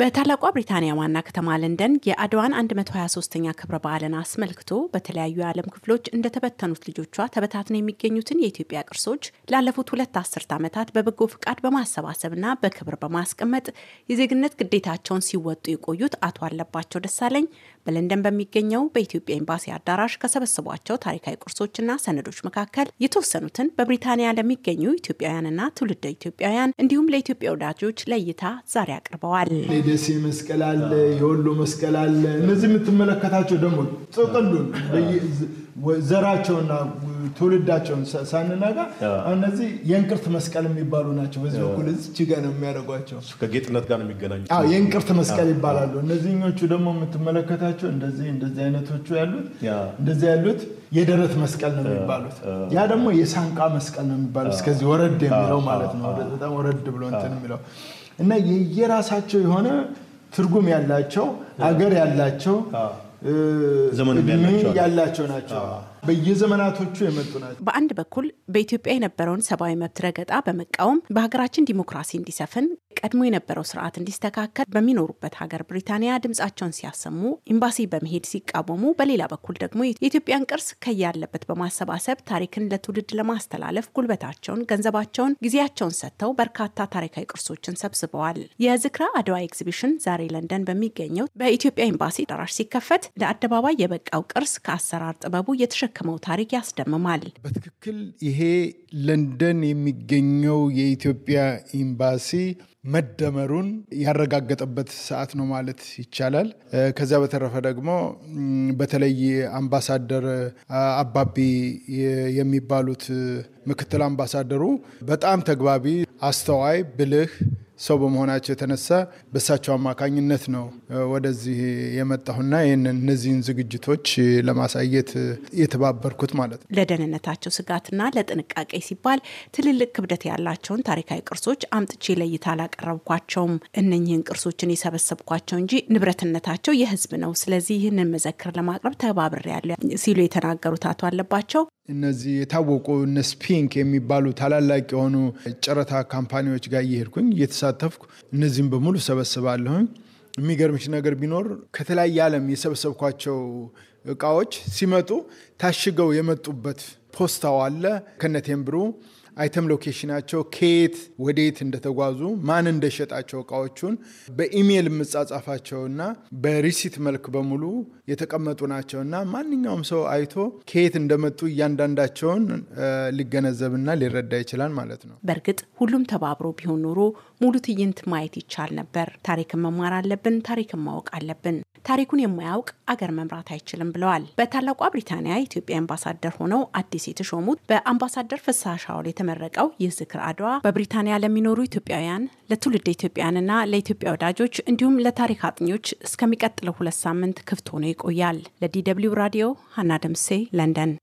በታላቋ ብሪታንያ ዋና ከተማ ለንደን የአድዋን 123ኛ ክብረ በዓልን አስመልክቶ በተለያዩ የዓለም ክፍሎች እንደተበተኑት ልጆቿ ተበታትነው የሚገኙትን የኢትዮጵያ ቅርሶች ላለፉት ሁለት አስርት ዓመታት በበጎ ፍቃድ በማሰባሰብና በክብር በማስቀመጥ የዜግነት ግዴታቸውን ሲወጡ የቆዩት አቶ አለባቸው ደሳለኝ በለንደን በሚገኘው በኢትዮጵያ ኤምባሲ አዳራሽ ከሰበሰቧቸው ታሪካዊ ቅርሶችና ሰነዶች መካከል የተወሰኑትን በብሪታንያ ለሚገኙ ኢትዮጵያውያንና ትውልደ ኢትዮጵያውያን እንዲሁም ለኢትዮጵያ ወዳጆች ለእይታ ዛሬ አቅርበዋል። የደሴ መስቀል አለ፣ የወሎ መስቀል አለ። እነዚህ የምትመለከታቸው ደግሞ ጥቅሉን ዘራቸውና ትውልዳቸውን ሳንናጋ እነዚህ የእንቅርት መስቀል የሚባሉ ናቸው። በዚህ በኩል እዚች ጋ ነው የሚያደርጓቸው። ከጌጥነት ጋር ነው የሚገናኙ። የእንቅርት መስቀል ይባላሉ። እነዚህኞቹ ደግሞ የምትመለከታቸው እንደዚህ እንደዚህ አይነቶቹ ያሉት እንደዚህ ያሉት የደረት መስቀል ነው የሚባሉት። ያ ደግሞ የሳንቃ መስቀል ነው የሚባሉት። እስከዚህ ወረድ የሚለው ማለት ነው። በጣም ወረድ ብሎ እንትን የሚለው እና የየራሳቸው የሆነ ትርጉም ያላቸው አገር ያላቸው Zaman e, il-mini jalla በየዘመናቶቹ የመጡ ናቸው። በአንድ በኩል በኢትዮጵያ የነበረውን ሰብአዊ መብት ረገጣ በመቃወም በሀገራችን ዲሞክራሲ እንዲሰፍን ቀድሞ የነበረው ስርዓት እንዲስተካከል በሚኖሩበት ሀገር ብሪታንያ ድምጻቸውን ሲያሰሙ ኤምባሲ በመሄድ ሲቃወሙ፣ በሌላ በኩል ደግሞ የኢትዮጵያን ቅርስ ከያለበት በማሰባሰብ ታሪክን ለትውልድ ለማስተላለፍ ጉልበታቸውን፣ ገንዘባቸውን፣ ጊዜያቸውን ሰጥተው በርካታ ታሪካዊ ቅርሶችን ሰብስበዋል። የዝክራ አድዋ ኤግዚቢሽን ዛሬ ለንደን በሚገኘው በኢትዮጵያ ኤምባሲ አዳራሽ ሲከፈት ለአደባባይ የበቃው ቅርስ ከአሰራር ጥበቡ የተሸ የተሸከመው ታሪክ ያስደምማል። በትክክል ይሄ ለንደን የሚገኘው የኢትዮጵያ ኤምባሲ መደመሩን ያረጋገጠበት ሰዓት ነው ማለት ይቻላል። ከዚያ በተረፈ ደግሞ በተለይ አምባሳደር አባቢ የሚባሉት ምክትል አምባሳደሩ በጣም ተግባቢ፣ አስተዋይ፣ ብልህ ሰው በመሆናቸው የተነሳ በእሳቸው አማካኝነት ነው ወደዚህ የመጣሁና ይህንን እነዚህን ዝግጅቶች ለማሳየት የተባበርኩት ማለት ነው። ለደህንነታቸው ስጋትና ለጥንቃቄ ሲባል ትልልቅ ክብደት ያላቸውን ታሪካዊ ቅርሶች አምጥቼ ለእይታ አላቀረብኳቸውም። እነኚህን ቅርሶችን የሰበሰብኳቸው እንጂ ንብረትነታቸው የህዝብ ነው። ስለዚህ ይህንን መዘክር ለማቅረብ ያለ ሲሉ የተናገሩት አቶ አለባቸው እነዚህ የታወቁ እነ ስፒንክ የሚባሉ ታላላቅ የሆኑ ጨረታ ካምፓኒዎች ጋር እየሄድኩኝ እየተሳተፍኩ እነዚህም በሙሉ ሰበስባለሁኝ። የሚገርምሽ ነገር ቢኖር ከተለያየ ዓለም የሰበሰብኳቸው እቃዎች ሲመጡ ታሽገው የመጡበት ፖስታው አለ ከነቴምብሩ አይተም ሎኬሽናቸው ከየት ወዴት እንደተጓዙ ማን እንደሸጣቸው እቃዎቹን በኢሜይል የምጻጻፋቸውና በሪሲት መልክ በሙሉ የተቀመጡ ናቸውና ማንኛውም ሰው አይቶ ከየት እንደመጡ እያንዳንዳቸውን ሊገነዘብና ሊረዳ ይችላል ማለት ነው። በእርግጥ ሁሉም ተባብሮ ቢሆን ኖሮ ሙሉ ትዕይንት ማየት ይቻል ነበር። ታሪክን መማር አለብን። ታሪክን ማወቅ አለብን። ታሪኩን የማያውቅ አገር መምራት አይችልም ብለዋል። በታላቋ ብሪታንያ ኢትዮጵያ አምባሳደር ሆነው አዲስ የተሾሙት በአምባሳደር ፍስሐ ሻውል የተመረቀው ይህ ዝክር አድዋ በብሪታንያ ለሚኖሩ ኢትዮጵያውያን፣ ለትውልድ ኢትዮጵያውያንና ለኢትዮጵያ ወዳጆች እንዲሁም ለታሪክ አጥኞች እስከሚቀጥለው ሁለት ሳምንት ክፍት ሆኖ ይቆያል። ለዲ ደብልዩ ራዲዮ ሀና ደምሴ ለንደን